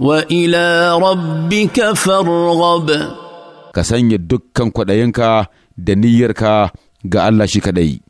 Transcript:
وإلى ربك فارغب ka sanya dukkan kwaɗayinka da niyyarka ga Allah shi kaɗai.